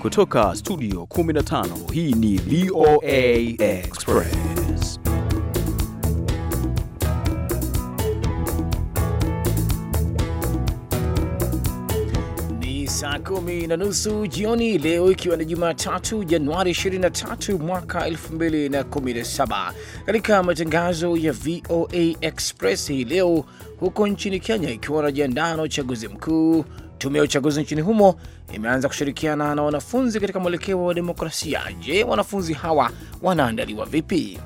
Kutoka studio 15 hii ni VOA Express. Ni saa kumi na nusu jioni leo, ikiwa ni Jumatatu Januari 23 mwaka 2017. Katika matangazo ya VOA Express hii leo, huko nchini Kenya, ikiwa wanajiandaa na uchaguzi mkuu Tume ya uchaguzi nchini humo imeanza kushirikiana na wanafunzi katika mwelekeo wa demokrasia. Je, wanafunzi hawa wanaandaliwa vipi?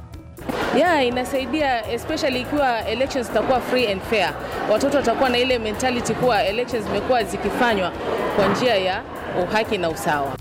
Yeah, inasaidia especially ikiwa elections zitakuwa free and fair. Watoto watakuwa na ile mentality kuwa elections zimekuwa zikifanywa kwa njia ya uhaki na usawa.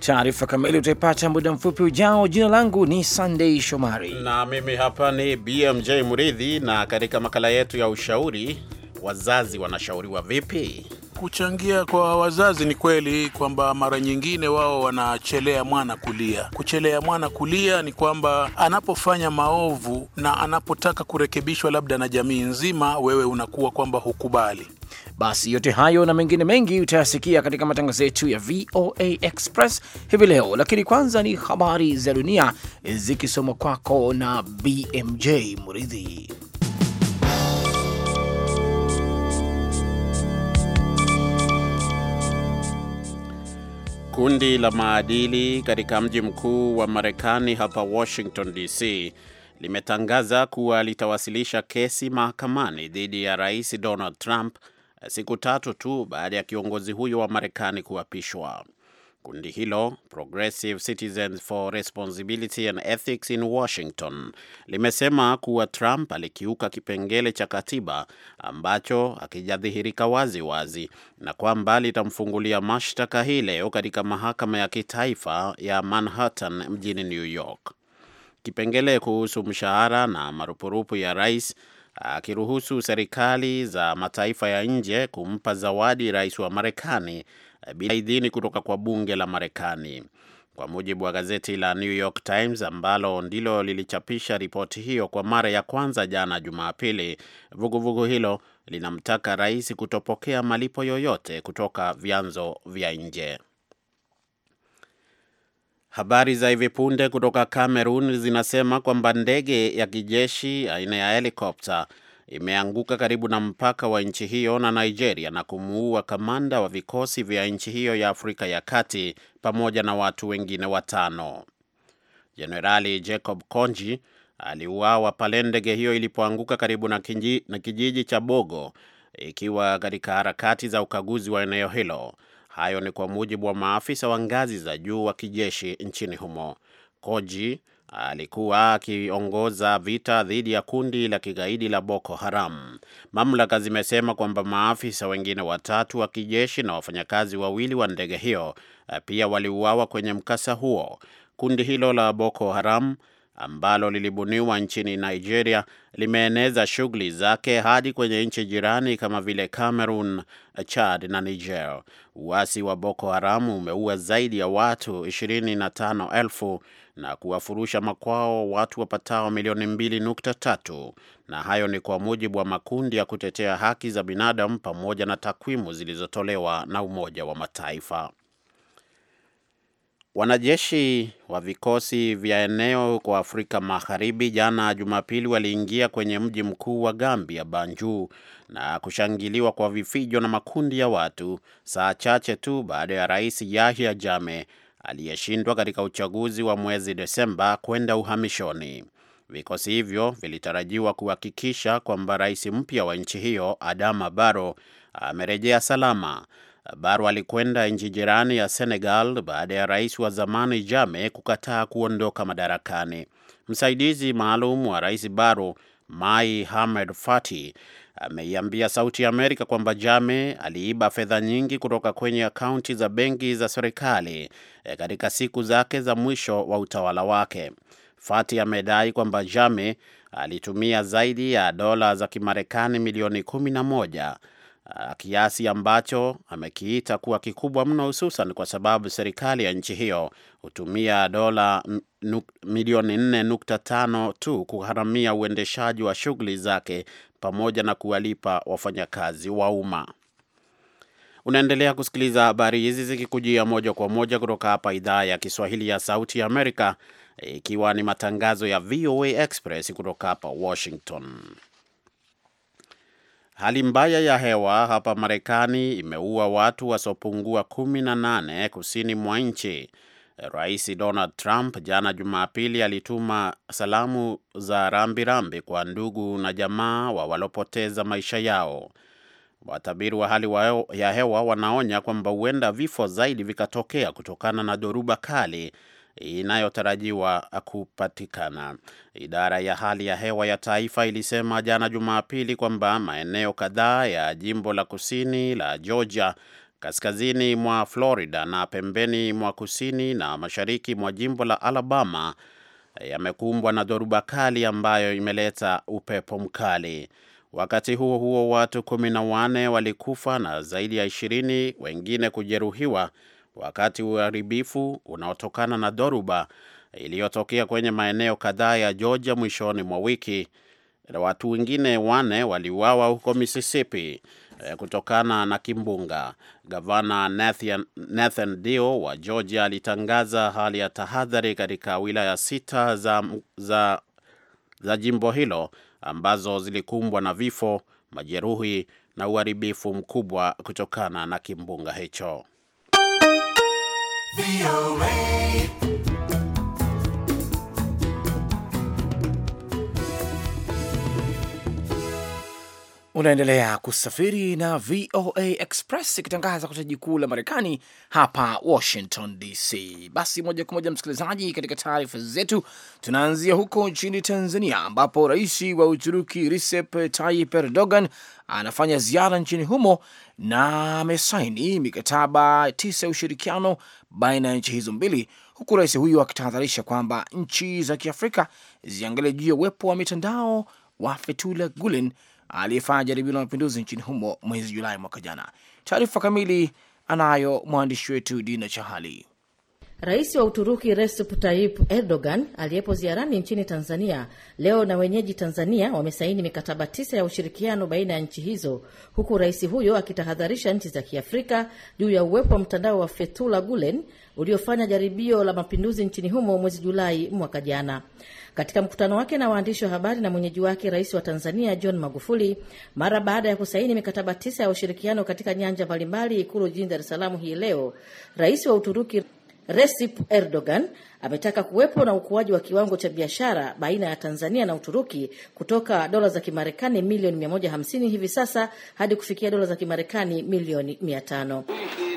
Taarifa kamili utaipata muda mfupi ujao. Jina langu ni Sunday Shomari na mimi hapa ni BMJ Muridhi, na katika makala yetu ya ushauri, wazazi wanashauriwa vipi? kuchangia kwa wazazi, ni kweli kwamba mara nyingine wao wanachelea mwana kulia. Kuchelea mwana kulia ni kwamba anapofanya maovu na anapotaka kurekebishwa labda na jamii nzima, wewe unakuwa kwamba hukubali. Basi yote hayo na mengine mengi utayasikia katika matangazo yetu ya VOA Express hivi leo, lakini kwanza ni habari za dunia zikisomwa kwako na BMJ Muridhi. Kundi la maadili katika mji mkuu wa Marekani hapa Washington DC limetangaza kuwa litawasilisha kesi mahakamani dhidi ya Rais Donald Trump siku tatu tu baada ya kiongozi huyo wa Marekani kuapishwa. Kundi hilo Progressive Citizens for Responsibility and Ethics in Washington limesema kuwa Trump alikiuka kipengele cha katiba ambacho hakijadhihirika wazi wazi na kwamba litamfungulia mashtaka hii leo katika mahakama ya kitaifa ya Manhattan mjini New York. Kipengele kuhusu mshahara na marupurupu ya rais akiruhusu serikali za mataifa ya nje kumpa zawadi rais wa Marekani Eh, bila idhini kutoka kwa bunge la Marekani. Kwa mujibu wa gazeti la New York Times ambalo ndilo lilichapisha ripoti hiyo kwa mara ya kwanza jana Jumapili, vuguvugu hilo linamtaka rais kutopokea malipo yoyote kutoka vyanzo vya nje. Habari za hivi punde kutoka Cameroon zinasema kwamba ndege ya kijeshi aina ya helikopta imeanguka karibu na mpaka wa nchi hiyo na Nigeria na kumuua kamanda wa vikosi vya nchi hiyo ya Afrika ya Kati pamoja na watu wengine watano. Jenerali Jacob Konji aliuawa pale ndege hiyo ilipoanguka karibu na kijiji, na kijiji cha Bogo ikiwa katika harakati za ukaguzi wa eneo hilo. Hayo ni kwa mujibu wa maafisa wa ngazi za juu wa kijeshi nchini humo. Koji alikuwa akiongoza vita dhidi ya kundi la kigaidi la Boko Haram. Mamlaka zimesema kwamba maafisa wengine watatu wa kijeshi na wafanyakazi wawili wa ndege hiyo eh, pia waliuawa kwenye mkasa huo. Kundi hilo la Boko Haram ambalo lilibuniwa nchini Nigeria limeeneza shughuli zake hadi kwenye nchi jirani kama vile Cameroon, eh, Chad na Niger. Uasi wa Boko Haram umeua zaidi ya watu 25,000 na kuwafurusha makwao watu wapatao milioni mbili nukta tatu na hayo ni kwa mujibu wa makundi ya kutetea haki za binadamu pamoja na takwimu zilizotolewa na Umoja wa Mataifa. Wanajeshi wa vikosi vya eneo kwa Afrika Magharibi jana Jumapili waliingia kwenye mji mkuu wa Gambia, Banjul, na kushangiliwa kwa vifijo na makundi ya watu saa chache tu baada ya Rais Yahya Jammeh aliyeshindwa katika uchaguzi wa mwezi Desemba kwenda uhamishoni. Vikosi hivyo vilitarajiwa kuhakikisha kwamba rais mpya wa nchi hiyo Adama baro amerejea salama. baro alikwenda nchi jirani ya Senegal baada ya rais wa zamani Jame kukataa kuondoka madarakani. Msaidizi maalum wa rais baro Mai Hamed Fati ameiambia Sauti ya Amerika kwamba Jame aliiba fedha nyingi kutoka kwenye akaunti za benki za serikali eh, katika siku zake za mwisho wa utawala wake. Fati amedai kwamba Jame alitumia zaidi ya dola za Kimarekani milioni kumi na moja Uh, kiasi ambacho amekiita kuwa kikubwa mno, hususan kwa sababu serikali ya nchi hiyo hutumia dola milioni 4.5 tu kugharamia uendeshaji wa shughuli zake pamoja na kuwalipa wafanyakazi wa umma. Unaendelea kusikiliza habari hizi zikikujia moja kwa moja kutoka hapa idhaa ya Kiswahili ya Sauti ya Amerika, ikiwa ni matangazo ya VOA Express kutoka hapa Washington. Hali mbaya ya hewa hapa Marekani imeua watu wasiopungua kumi na nane kusini mwa nchi. Rais Donald Trump jana Jumapili alituma salamu za rambirambi kwa ndugu na jamaa wa walopoteza maisha yao. Watabiri wa hali wa ya hewa wanaonya kwamba huenda vifo zaidi vikatokea kutokana na dhoruba kali inayotarajiwa kupatikana. Idara ya hali ya hewa ya taifa ilisema jana Jumapili kwamba maeneo kadhaa ya jimbo la kusini la Georgia, kaskazini mwa Florida na pembeni mwa kusini na mashariki mwa jimbo la Alabama yamekumbwa na dhoruba kali ambayo imeleta upepo mkali. Wakati huo huo, watu kumi na wanne walikufa na zaidi ya ishirini wengine kujeruhiwa wakati uharibifu unaotokana na dhoruba iliyotokea kwenye maeneo kadhaa ya Georgia mwishoni mwa wiki watu wengine wane waliuawa huko Mississippi eh, kutokana na kimbunga. Gavana Nathan, Nathan Dio wa Georgia alitangaza hali ya tahadhari katika wilaya sita za, za, za jimbo hilo ambazo zilikumbwa na vifo, majeruhi na uharibifu mkubwa kutokana na kimbunga hicho. Unaendelea kusafiri na VOA Express ikitangaza kutoka jiji kuu la Marekani hapa Washington DC. Basi moja kwa moja, msikilizaji, katika taarifa zetu tunaanzia huko nchini Tanzania ambapo rais wa Uturuki Recep Tayyip Erdogan anafanya ziara nchini humo na amesaini mikataba tisa ya ushirikiano baina ya nchi hizo mbili, huku rais huyo akitahadharisha kwamba nchi za Kiafrika ziangalie juu ya uwepo wa mitandao wa Fethullah Gulen aliyefanya jaribio la mapinduzi nchini humo mwezi Julai mwaka jana. Taarifa kamili anayo mwandishi wetu Dina Chahali. Rais wa Uturuki Recep Tayyip Erdogan aliyepo ziarani nchini Tanzania leo na wenyeji Tanzania wamesaini mikataba tisa ya ushirikiano baina ya nchi hizo, huku rais huyo akitahadharisha nchi za Kiafrika juu ya uwepo wa mtandao wa Fethula Gulen uliofanya jaribio la mapinduzi nchini humo mwezi Julai mwaka jana. Katika mkutano wake na waandishi wa habari na mwenyeji wake rais wa Tanzania John Magufuli, mara baada ya kusaini mikataba tisa ya ushirikiano katika nyanja mbalimbali Ikulu jijini Dar es Salaam hii leo, rais wa Uturuki Recep Erdogan ametaka kuwepo na ukuaji wa kiwango cha biashara baina ya Tanzania na Uturuki kutoka dola za Kimarekani milioni 150 hivi sasa hadi kufikia dola za Kimarekani milioni 500.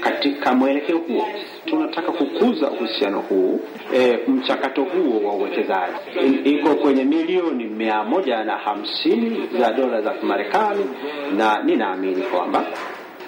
Katika mwelekeo huo tunataka kukuza uhusiano huu e, mchakato huo wa uwekezaji iko kwenye milioni mia na hamsini za dola za Kimarekani na ninaamini kwamba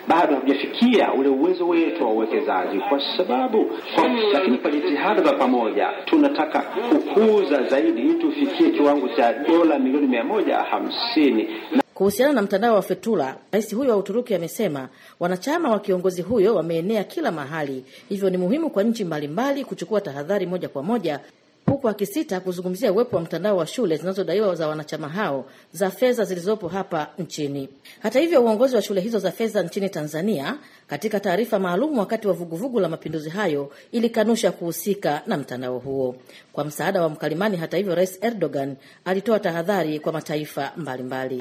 bado hatujafikia ule uwezo wetu wa uwekezaji, kwa sababu kwa, hmm. lakini kwa jitihada za pamoja tunataka kukuza zaidi ili tufikie kiwango cha dola milioni mia moja hamsini Kuhusiana na mtandao wa Fetula, rais huyo wa Uturuki amesema wanachama wa kiongozi huyo wameenea kila mahali, hivyo ni muhimu kwa nchi mbalimbali kuchukua tahadhari moja kwa moja huku akisita kuzungumzia uwepo wa mtandao wa shule zinazodaiwa za wanachama hao za fedha zilizopo hapa nchini. Hata hivyo, uongozi wa shule hizo za fedha nchini Tanzania katika taarifa maalum wakati wa vuguvugu la mapinduzi hayo ilikanusha kuhusika na mtandao huo. Kwa msaada wa mkalimani, hata hivyo, Rais Erdogan alitoa tahadhari kwa mataifa mbalimbali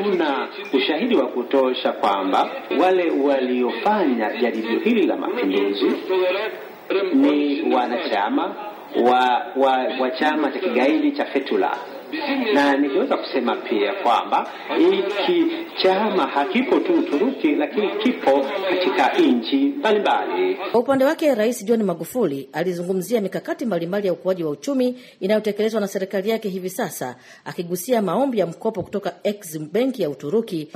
mbali. ushahidi wa kutosha kwamba wale waliofanya jaribio hili la mapinduzi ni wanachama wa, wa, wa chama cha kigaidi cha Fetula na nikiweza kusema pia kwamba hiki chama hakipo tu Uturuki, lakini kipo katika nchi mbalimbali. Kwa upande wake, Rais John Magufuli alizungumzia mikakati mbalimbali ya ukuaji wa uchumi inayotekelezwa na serikali yake hivi sasa, akigusia maombi ya mkopo kutoka Exim Benki ya Uturuki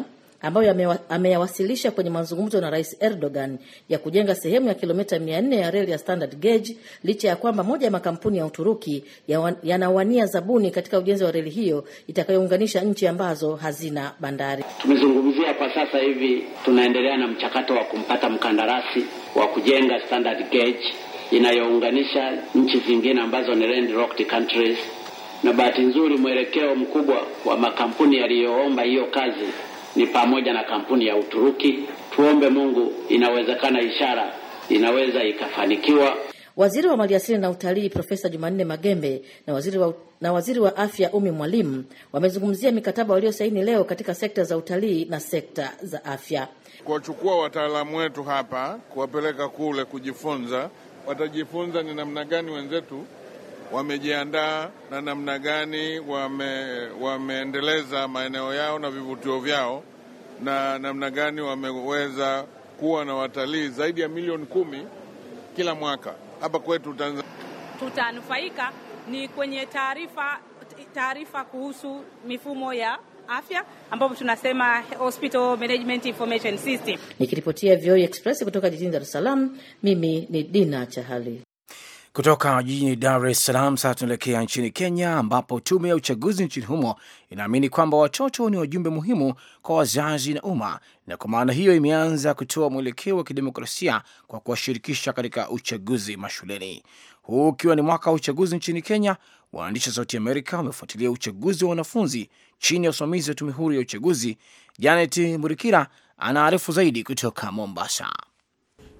ambayo ameyawasilisha kwenye mazungumzo na Rais Erdogan ya kujenga sehemu ya kilomita 400 ya reli ya standard gauge, licha ya kwamba moja ya makampuni ya Uturuki yanawania ya zabuni katika ujenzi wa reli hiyo itakayounganisha nchi ambazo hazina bandari. Tumezungumzia kwa sasa hivi, tunaendelea na mchakato wa kumpata mkandarasi wa kujenga standard gauge inayounganisha nchi zingine ambazo ni landlocked countries, na bahati nzuri mwelekeo mkubwa wa makampuni yaliyoomba hiyo kazi ni pamoja na kampuni ya Uturuki. Tuombe Mungu, inawezekana ishara inaweza ikafanikiwa. Waziri wa Maliasili na Utalii Profesa Jumanne Magembe na waziri wa, na waziri wa Afya Umi Mwalimu wamezungumzia mikataba waliosaini leo katika sekta za utalii na sekta za afya. Kuwachukua wataalamu wetu hapa kuwapeleka kule kujifunza, watajifunza ni namna gani wenzetu wamejiandaa na namna gani wame, wameendeleza maeneo yao na vivutio vyao na namna gani wameweza kuwa na watalii zaidi ya milioni kumi kila mwaka hapa kwetu Tanzania. Tutanufaika ni kwenye taarifa taarifa kuhusu mifumo ya afya ambapo tunasema hospital management information system. Nikiripotia VOA Express kutoka jijini Dar es Salaam, mimi ni Dina Chahali. Kutoka jijini Dar es Salaam sasa tunaelekea nchini Kenya, ambapo tume ya uchaguzi nchini humo inaamini kwamba watoto ni wajumbe muhimu kwa wazazi na umma, na kwa maana hiyo imeanza kutoa mwelekeo wa kidemokrasia kwa kuwashirikisha katika uchaguzi mashuleni, huu ukiwa ni mwaka wa uchaguzi nchini Kenya. Waandishi wa Sauti Amerika wamefuatilia uchaguzi wa wanafunzi chini ya usimamizi wa tume huru ya uchaguzi. Janet Murikira anaarifu zaidi kutoka Mombasa.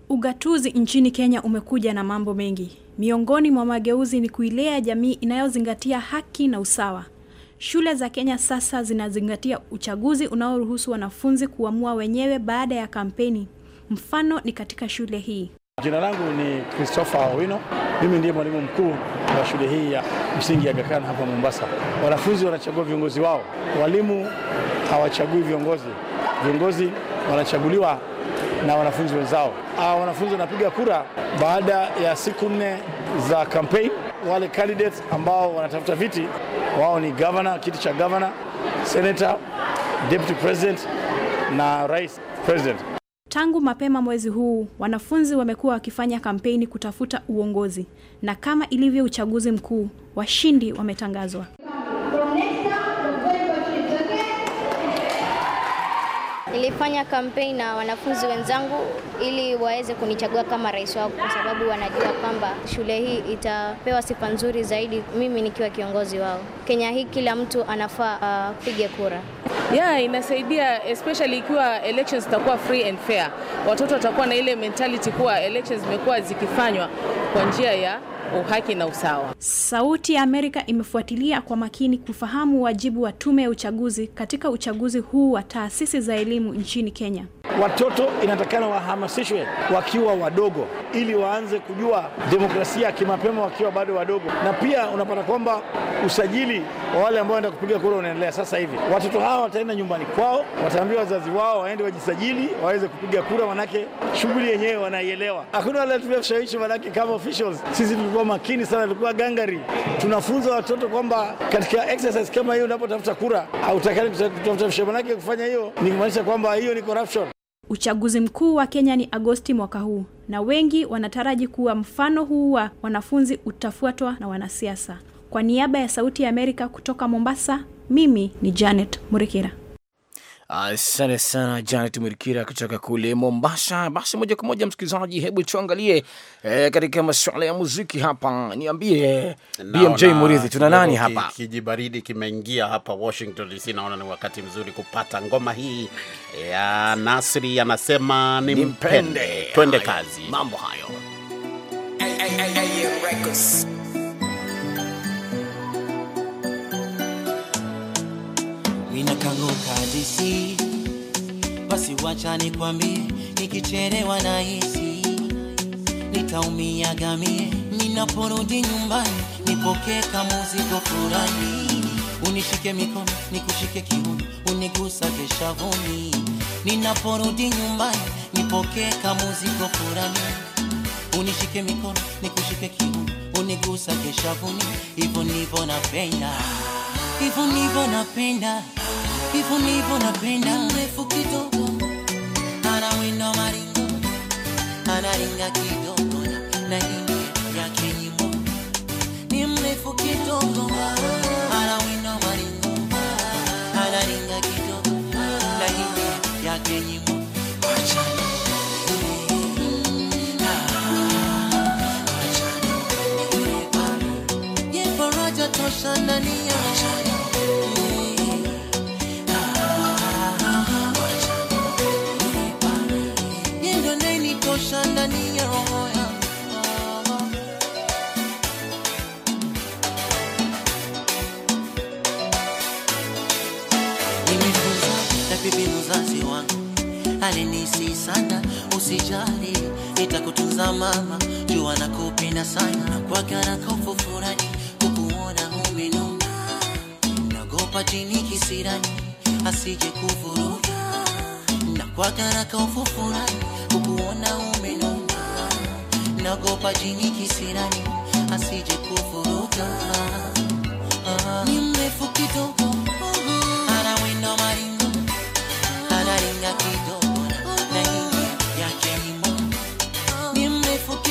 Ugatuzi nchini Kenya umekuja na mambo mengi. Miongoni mwa mageuzi ni kuilea jamii inayozingatia haki na usawa. Shule za Kenya sasa zinazingatia uchaguzi unaoruhusu wanafunzi kuamua wenyewe baada ya kampeni. Mfano ni katika shule hii. Jina langu ni Christopher Owino. Mimi ndiye mwalimu mkuu wa shule hii ya msingi ya gakana hapa Mombasa. Wanafunzi wanachagua viongozi wao, walimu hawachagui viongozi. Viongozi wanachaguliwa na wanafunzi wenzao. Ah, wanafunzi wanapiga kura baada ya siku nne za campaign. Wale candidates ambao wanatafuta viti wao ni governor, kiti cha governor, senator, deputy president na rais president. Tangu mapema mwezi huu wanafunzi wamekuwa wakifanya kampeni kutafuta uongozi, na kama ilivyo uchaguzi mkuu, washindi wametangazwa. Nilifanya kampeni na wanafunzi wenzangu ili waweze kunichagua kama rais wao, kwa sababu wanajua kwamba shule hii itapewa sifa nzuri zaidi mimi nikiwa kiongozi wao. Kenya hii kila mtu anafaa uh, apige uh, kura. Yeah, inasaidia especially ikiwa elections zitakuwa free and fair. Watoto watakuwa na ile mentality kuwa elections zimekuwa zikifanywa kwa njia ya uhaki na usawa. Sauti ya Amerika imefuatilia kwa makini kufahamu wajibu wa tume ya uchaguzi katika uchaguzi huu wa taasisi za elimu nchini Kenya. Watoto inatakana wahamasishwe wakiwa wadogo, ili waanze kujua demokrasia kimapema wakiwa bado wadogo, na pia unapata kwamba usajili wa wale ambao wanaenda kupiga kura unaendelea sasa hivi. Watoto hawa wataenda nyumbani kwao, wataambia wazazi wao waende wajisajili waweze kupiga kura, manake shughuli yenyewe wanaielewa. Hakuna wale tunaoshawishi, manake kama officials sisi tulikuwa makini sana, tulikuwa gangari. Tunafunza watoto kwamba katika exercise kama hiyo, unapotafuta kura hautakani kutafuta visha, kufanya hiyo ni kumaanisha kwamba hiyo ni corruption. Uchaguzi mkuu wa Kenya ni Agosti mwaka huu na wengi wanataraji kuwa mfano huu wa wanafunzi utafuatwa na wanasiasa. Kwa niaba ya Sauti ya Amerika kutoka Mombasa, mimi ni Janet Murikira. Asante sana Janet Mwirikira kutoka kule Mombasa. Basi moja kwa moja, msikilizaji, hebu tuangalie e, katika masuala ya muziki hapa. Niambie BMJ Muridhi, tuna nani hapa? Kijibaridi kimeingia hapa Washington DC, naona ni wakati mzuri kupata ngoma hii ya Nasri, anasema ni mpende. Twende kazi, mambo hayo hey, hey, hey, hey, Minakanuka DC, basi wacha nikwambie, nikichelewa na hisi nitaumia gamie. Ninaporudi nyumbani, nipokee kama mzigo fulani, unishike mikono, nikushike kiuno, unigusa keshavuni. Ninaporudi nyumbani, nipokee kama mzigo fulani, unishike mikono, nikushike kiuno, unigusa keshavuni. na penda ah hivyo ndivyo napenda, hivyo ndivyo napenda. Mrefu kidogo anawinda maringo, analinga kidogo na hindi yake nyimbo ni mrefu kidogo, anawinda maringo, analinga kidogo na hindi yake nyimbo achana tosha ndani ya kujali, nitakutunza mama, jua kupenda sana, na kwa kana kofu kukuona umenuna, nagopa chini kisirani asije kuvuruga, na kwa kana kofu kukuona umenuna, nagopa chini kisirani asije kuvuruga. Uh, ni maringo, analinga kidogo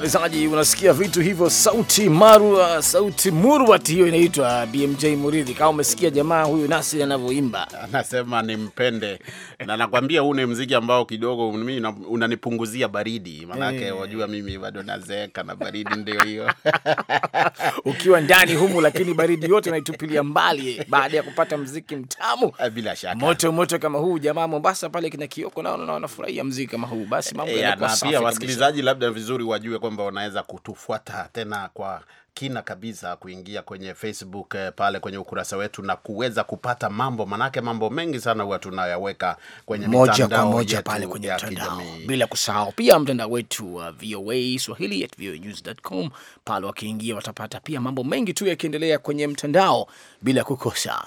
msikilizaji, unasikia vitu hivyo, sauti marua, uh, sauti murwat, hiyo inaitwa BMJ Muridhi. Kama umesikia jamaa huyu nasi anavyoimba, anasema nimpende, na nakwambia huu ni mziki ambao kidogo mimi unanipunguzia baridi, maanake hey, eh. wajua mimi bado nazeeka na baridi ndio hiyo ukiwa ndani humu, lakini baridi yote naitupilia mbali baada ya kupata mziki mtamu, eh, bila shaka moto moto kama huu. Jamaa Mombasa pale kina Kioko nao wanafurahia mziki kama huu, basi mambo eh, yanakuwa safi. Pia wasikilizaji labda vizuri wajue kwamba wanaweza kutufuata tena kwa kina kabisa, kuingia kwenye Facebook eh, pale kwenye ukurasa wetu na kuweza kupata mambo, manake mambo mengi sana huwa tunayaweka kwenye moja kwa moja pale kwenye mtandao, bila kusahau pia mtandao wetu wa uh, VOA Swahili at voanews.com. Pale wakiingia watapata pia mambo mengi tu yakiendelea kwenye mtandao bila kukosa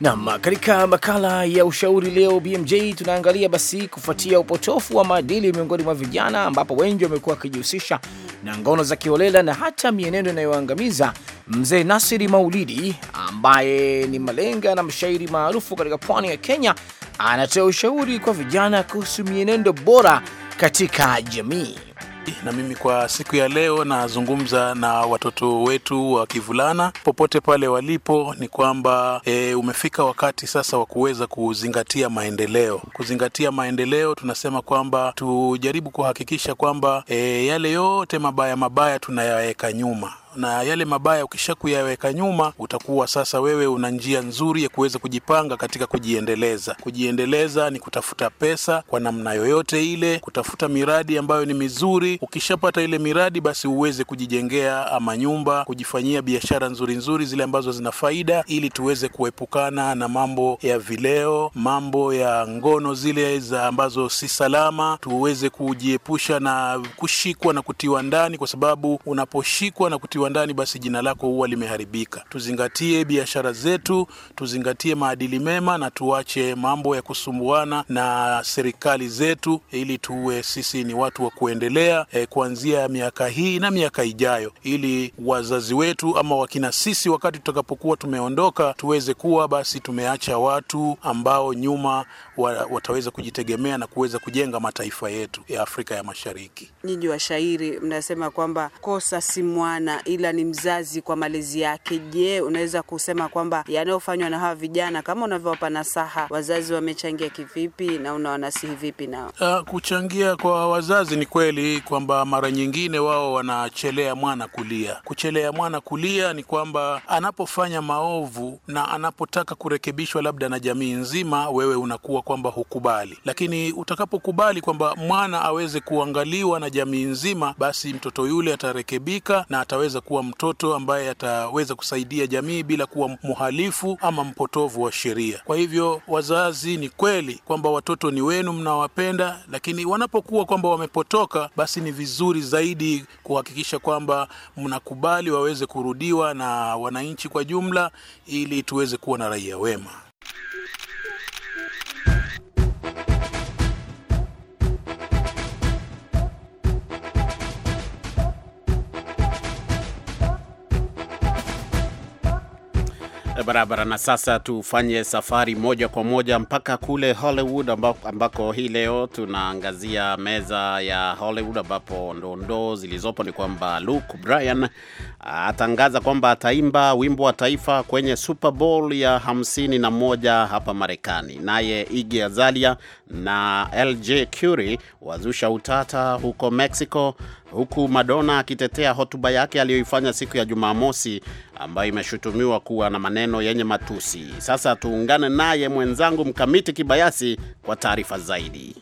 Nam, katika makala ya ushauri leo BMJ tunaangalia basi, kufuatia upotofu wa maadili miongoni mwa vijana, ambapo wengi wamekuwa wakijihusisha na ngono za kiholela na hata mienendo inayoangamiza. Mzee Nasiri Maulidi ambaye ni malenga na mshairi maarufu katika pwani ya Kenya anatoa ushauri kwa vijana kuhusu mienendo bora katika jamii. Eh, na mimi kwa siku ya leo nazungumza na watoto wetu wa kivulana popote pale walipo, ni kwamba e, umefika wakati sasa wa kuweza kuzingatia maendeleo. Kuzingatia maendeleo, tunasema kwamba tujaribu kuhakikisha kwamba e, yale yote mabaya mabaya tunayaweka nyuma, na yale mabaya ukisha kuyaweka nyuma, utakuwa sasa wewe una njia nzuri ya kuweza kujipanga katika kujiendeleza. Kujiendeleza ni kutafuta pesa kwa namna yoyote ile, kutafuta miradi ambayo ni mizuri. Ukishapata ile miradi, basi uweze kujijengea ama nyumba, kujifanyia biashara nzuri nzuri zile ambazo zina faida, ili tuweze kuepukana na mambo ya vileo, mambo ya ngono zile za ambazo si salama, tuweze kujiepusha na kushikwa na kutiwa ndani, kwa sababu unaposhikwa na kutiwa ukiwa ndani, basi jina lako huwa limeharibika. Tuzingatie biashara zetu, tuzingatie maadili mema na tuache mambo ya kusumbuana na serikali zetu, ili tuwe sisi ni watu wa kuendelea eh, kuanzia miaka hii na miaka ijayo, ili wazazi wetu ama wakina sisi wakati tutakapokuwa tumeondoka tuweze kuwa basi tumeacha watu ambao nyuma wataweza kujitegemea na kuweza kujenga mataifa yetu ya Afrika ya Mashariki. Nyinyi washairi mnasema kwamba kosa si mwana ila ni mzazi kwa malezi yake. Je, unaweza kusema kwamba yanayofanywa na hawa vijana kama unavyowapa nasaha, wazazi wamechangia kivipi na unawanasihi vipi nao? Uh, kuchangia kwa wazazi ni kweli kwamba mara nyingine wao wanachelea mwana kulia. Kuchelea mwana kulia ni kwamba anapofanya maovu na anapotaka kurekebishwa labda na jamii nzima, wewe unakuwa kwamba hukubali, lakini utakapokubali kwamba mwana aweze kuangaliwa na jamii nzima, basi mtoto yule atarekebika na ataweza kuweza kuwa mtoto ambaye ataweza kusaidia jamii bila kuwa mhalifu ama mpotovu wa sheria. Kwa hivyo, wazazi, ni kweli kwamba watoto ni wenu, mnawapenda, lakini wanapokuwa kwamba wamepotoka, basi ni vizuri zaidi kuhakikisha kwamba mnakubali waweze kurudiwa na wananchi kwa jumla, ili tuweze kuwa na raia wema. Eh, barabara. Na sasa tufanye safari moja kwa moja mpaka kule Hollywood ambako, ambako hii leo tunaangazia meza ya Hollywood ambapo ndondoo zilizopo ni kwamba Luke Bryan atangaza kwamba ataimba wimbo wa taifa kwenye Super Bowl ya 51 hapa Marekani. Naye Iggy Azalea na LJ Curie wazusha utata huko Mexico huku Madonna akitetea hotuba yake aliyoifanya siku ya Jumamosi ambayo imeshutumiwa kuwa na maneno yenye matusi. Sasa tuungane naye mwenzangu Mkamiti Kibayasi kwa taarifa zaidi.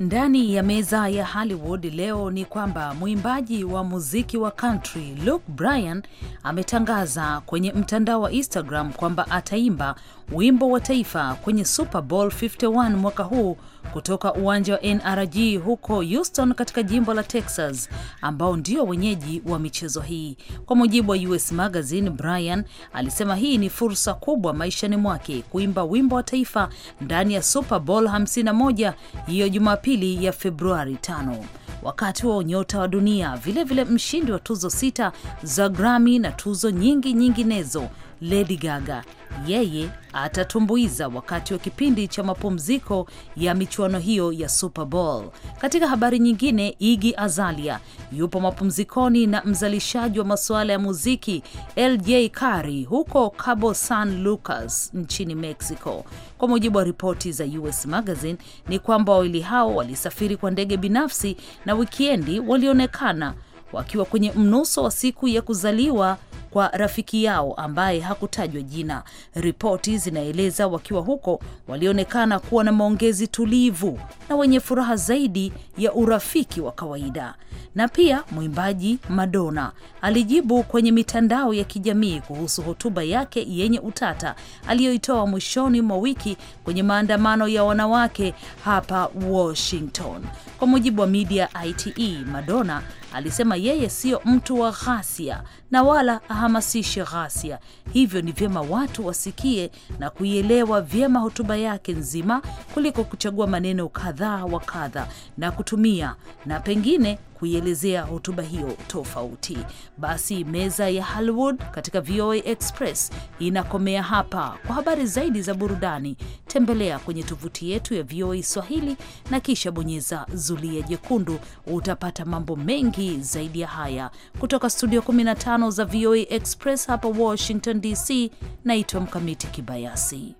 Ndani ya meza ya Hollywood leo ni kwamba mwimbaji wa muziki wa country Luke Bryan ametangaza kwenye mtandao wa Instagram kwamba ataimba wimbo wa taifa kwenye Super Bowl 51 mwaka huu kutoka uwanja wa NRG huko Houston katika jimbo la Texas, ambao ndio wenyeji wa michezo hii. Kwa mujibu wa US Magazine, Brian alisema hii ni fursa kubwa maishani mwake kuimba wimbo wa taifa ndani ya Super Bowl 51 hiyo Jumapili ya Februari 5 wakati wa unyota wa dunia, vilevile vile mshindi wa tuzo sita za Grammy na tuzo nyingi nyinginezo Lady Gaga yeye atatumbuiza wakati wa kipindi cha mapumziko ya michuano hiyo ya Super Bowl. Katika habari nyingine, Iggy Azalea yupo mapumzikoni na mzalishaji wa masuala ya muziki LJ Cari huko Cabo San Lucas nchini Mexico. Kwa mujibu wa ripoti za US Magazine ni kwamba wawili hao walisafiri kwa ndege binafsi na wikiendi walionekana wakiwa kwenye mnuso wa siku ya kuzaliwa kwa rafiki yao ambaye hakutajwa jina. Ripoti zinaeleza wakiwa huko walionekana kuwa na maongezi tulivu na wenye furaha zaidi ya urafiki wa kawaida. Na pia mwimbaji Madonna alijibu kwenye mitandao ya kijamii kuhusu hotuba yake yenye utata aliyoitoa mwishoni mwa wiki kwenye maandamano ya wanawake hapa Washington. Kwa mujibu wa media ite, Madonna alisema yeye siyo mtu wa ghasia na wala ahamasishe ghasia, hivyo ni vyema watu wasikie na kuielewa vyema hotuba yake nzima kuliko kuchagua maneno kadhaa wa kadha na kutumia na pengine kuielezea hotuba hiyo tofauti. Basi meza ya Hollywood katika VOA Express inakomea hapa. Kwa habari zaidi za burudani, tembelea kwenye tovuti yetu ya VOA Swahili na kisha bonyeza zulia jekundu. Utapata mambo mengi zaidi ya haya kutoka studio 15 za VOA Express hapa Washington DC. Naitwa Mkamiti Kibayasi.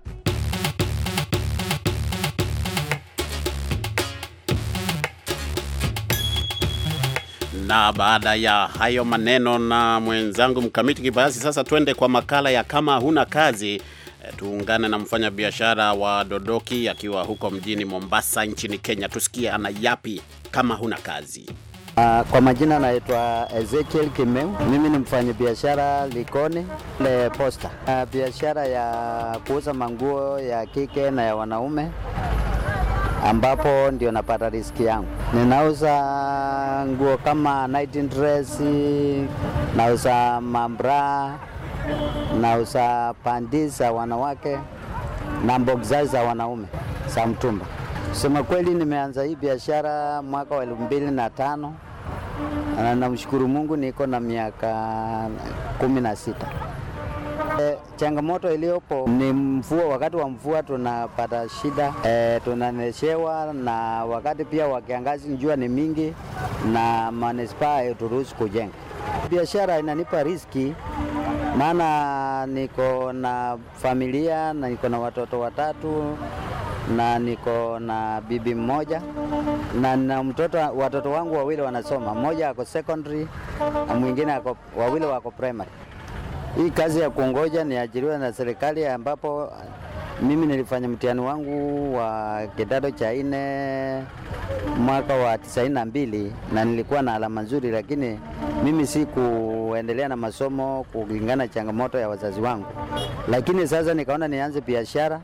Na baada ya hayo maneno na mwenzangu Mkamiti Kibayasi, sasa twende kwa makala ya kama huna kazi. E, tuungane na mfanyabiashara wa Dodoki akiwa huko mjini Mombasa nchini Kenya, tusikie ana yapi kama huna kazi. Uh, kwa majina anaitwa Ezekiel Kimeu. Mimi ni mfanyabiashara Likoni le Posta. Uh, biashara ya kuuza manguo ya kike na ya wanaume ambapo ndio napata riski yangu. Ninauza nguo kama night dress, nauza mambra, nauza pandi za wanawake na mboga za wanaume za mtumba. Kusema kweli, nimeanza hii biashara mwaka wa elfu mbili na tano na namshukuru Mungu niko na miaka kumi na sita. E, changamoto iliyopo ni mvua. Wakati wa mvua tunapata shida e, tunaneshewa na wakati pia wa kiangazi jua ni mingi na manispaa haituruhusu kujenga. Biashara inanipa riski maana niko na familia na niko na watoto watatu na niko na bibi mmoja na na mtoto, watoto wangu wawili wanasoma, mmoja ako secondary na mwingine wawili wako primary. Hii kazi ya kuongoja niajiriwa na serikali, ambapo mimi nilifanya mtihani wangu wa kidato cha nne mwaka wa tisaini na mbili na nilikuwa na alama nzuri, lakini mimi si kuendelea na masomo kulingana changamoto ya wazazi wangu. Lakini sasa nikaona nianze biashara,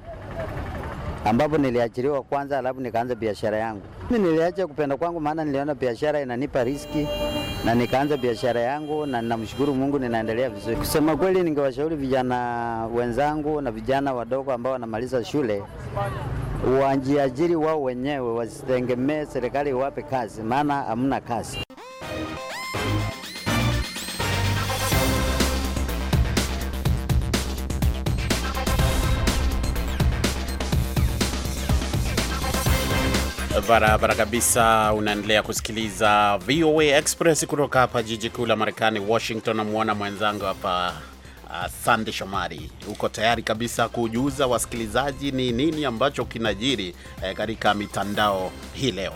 ambapo niliachiriwa kwanza, alafu nikaanza biashara yangu. Mimi niliacha kupenda kwangu, maana niliona biashara inanipa riski na nikaanza biashara yangu, na ninamshukuru Mungu ninaendelea vizuri. Kusema kweli, ningewashauri vijana wenzangu na vijana wadogo ambao wanamaliza shule wajiajiri wao wenyewe, wasitegemee serikali iwape kazi, maana hamna kazi. barabara kabisa. Unaendelea kusikiliza VOA Express kutoka hapa jiji kuu la Marekani, Washington. Namwona mwenzangu hapa uh, Sande Shomari, uko tayari kabisa kujuza wasikilizaji ni nini ambacho kinajiri eh, katika mitandao hii leo?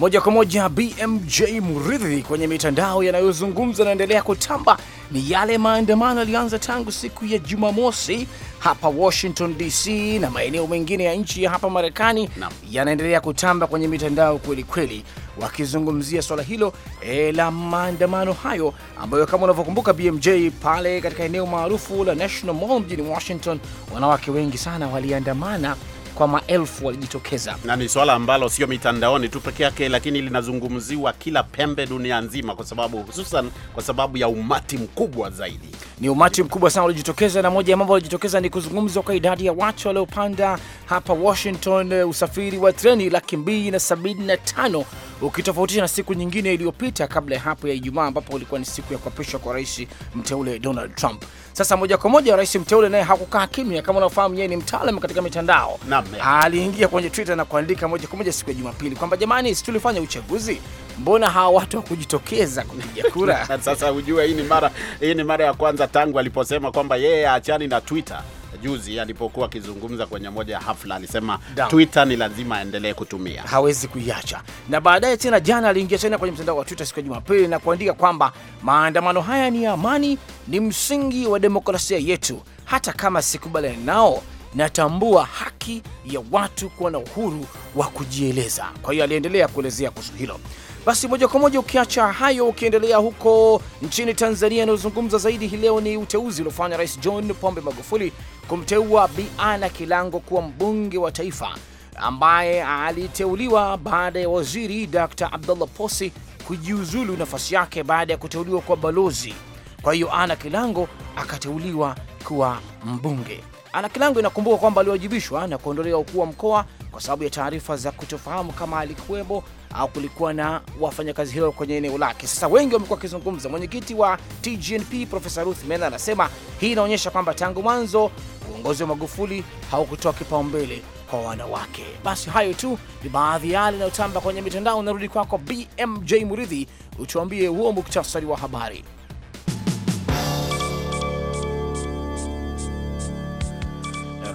Moja kwa moja, BMJ Muridhi. Kwenye mitandao yanayozungumza naendelea kutamba ni yale maandamano yalianza tangu siku ya Jumamosi hapa Washington DC na maeneo mengine ya nchi ya hapa Marekani yanaendelea kutamba kwenye mitandao kweli kweli, wakizungumzia swala hilo e, la maandamano hayo ambayo kama unavyokumbuka BMJ pale katika eneo maarufu la National Mall mjini Washington, wanawake wengi sana waliandamana kwa maelfu walijitokeza, na ni swala ambalo sio mitandaoni tu peke yake, lakini linazungumziwa kila pembe dunia nzima, kwa sababu hususan kwa sababu ya umati mkubwa zaidi. Ni umati mkubwa sana ulijitokeza, na moja ya mambo yalijitokeza ni kuzungumzwa kwa idadi ya watu waliopanda hapa Washington eh, usafiri wa treni laki mbili na sabini na tano ukitofautisha na siku nyingine iliyopita kabla ya hapo ya Ijumaa, ambapo ilikuwa ni siku ya kuapishwa kwa rais mteule Donald Trump. Sasa moja kwa moja rais mteule naye hakukaa kimya, kama unaofahamu yeye ni mtaalamu katika mitandao, aliingia kwenye Twitter na kuandika moja kwa moja siku ya Jumapili kwamba jamani, si tulifanya uchaguzi, mbona hawa watu hawakujitokeza kupiga kura? Sasa ujue hii ni mara hii ni mara ya kwanza tangu aliposema kwamba yeye aachani achani na Twitter juzi alipokuwa akizungumza kwenye moja ya hafla alisema Damn. Twitter ni lazima aendelee kutumia, hawezi kuiacha. Na baadaye tena jana aliingia tena kwenye mtandao wa Twitter siku ya Jumapili na kuandika kwamba maandamano haya ni ya amani, ni msingi wa demokrasia yetu. Hata kama sikubaliani nao, natambua haki ya watu kuwa na uhuru wa kujieleza. Kwa hiyo aliendelea kuelezea kuhusu hilo. Basi moja kwa moja, ukiacha hayo, ukiendelea huko nchini Tanzania, inayozungumza zaidi hii leo ni uteuzi uliofanya Rais John Pombe Magufuli kumteua Bi Ana Kilango kuwa mbunge wa taifa, ambaye aliteuliwa baada ya waziri Dr. Abdullah Posi kujiuzulu nafasi yake baada ya kuteuliwa kwa balozi. Kwa hiyo Ana Kilango akateuliwa kuwa mbunge. Ana Kilango inakumbuka kwamba aliwajibishwa na kuondolewa ukuu wa mkoa kwa sababu ya taarifa za kutofahamu kama alikuwemo au kulikuwa na wafanyakazi hilo kwenye eneo lake. Sasa wengi wamekuwa wakizungumza. Mwenyekiti wa TGNP Profesa Ruth Mena anasema hii inaonyesha kwamba tangu mwanzo uongozi wa Magufuli haukutoa kipaumbele kwa wanawake. Basi hayo tu ni baadhi yale yanayotamba kwenye mitandao. Narudi kwako BMJ Muridhi, utuambie huo muktasari wa habari.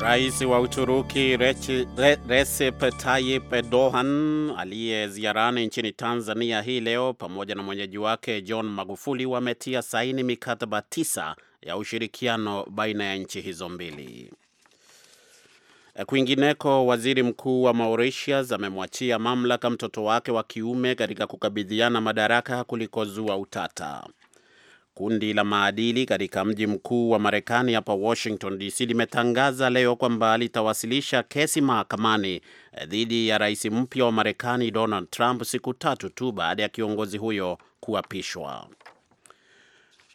Rais wa Uturuki Recep Tayyip Erdogan aliye ziarani nchini Tanzania hii leo pamoja na mwenyeji wake John Magufuli wametia saini mikataba tisa ya ushirikiano baina ya nchi hizo mbili. Kwingineko, waziri mkuu wa Mauritius amemwachia mamlaka mtoto wake wa kiume katika kukabidhiana madaraka kulikozua utata. Kundi la maadili katika mji mkuu wa Marekani hapa Washington DC limetangaza leo kwamba litawasilisha kesi mahakamani eh, dhidi ya rais mpya wa Marekani Donald Trump siku tatu tu baada ya kiongozi huyo kuapishwa.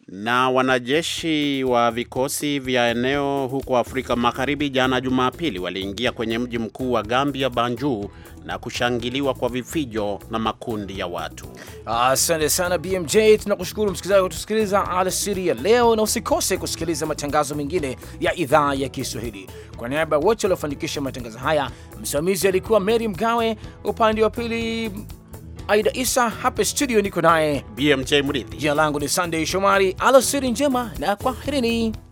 Na wanajeshi wa vikosi vya eneo huko Afrika Magharibi jana Jumapili waliingia kwenye mji mkuu wa Gambia, Banjul na kushangiliwa kwa vifijo na makundi ya watu. Asante ah, sana BMJ. Tunakushukuru msikilizaji kutusikiliza alasiri ya leo, na usikose kusikiliza matangazo mengine ya idhaa ya Kiswahili. Kwa niaba ya wote waliofanikisha matangazo haya, msimamizi alikuwa Mary Mgawe, upande wa pili Aida Isa hapa studio, niko naye BMJ Mridhi. Jina langu ni Sunday Shomari. Alasiri njema na kwaherini.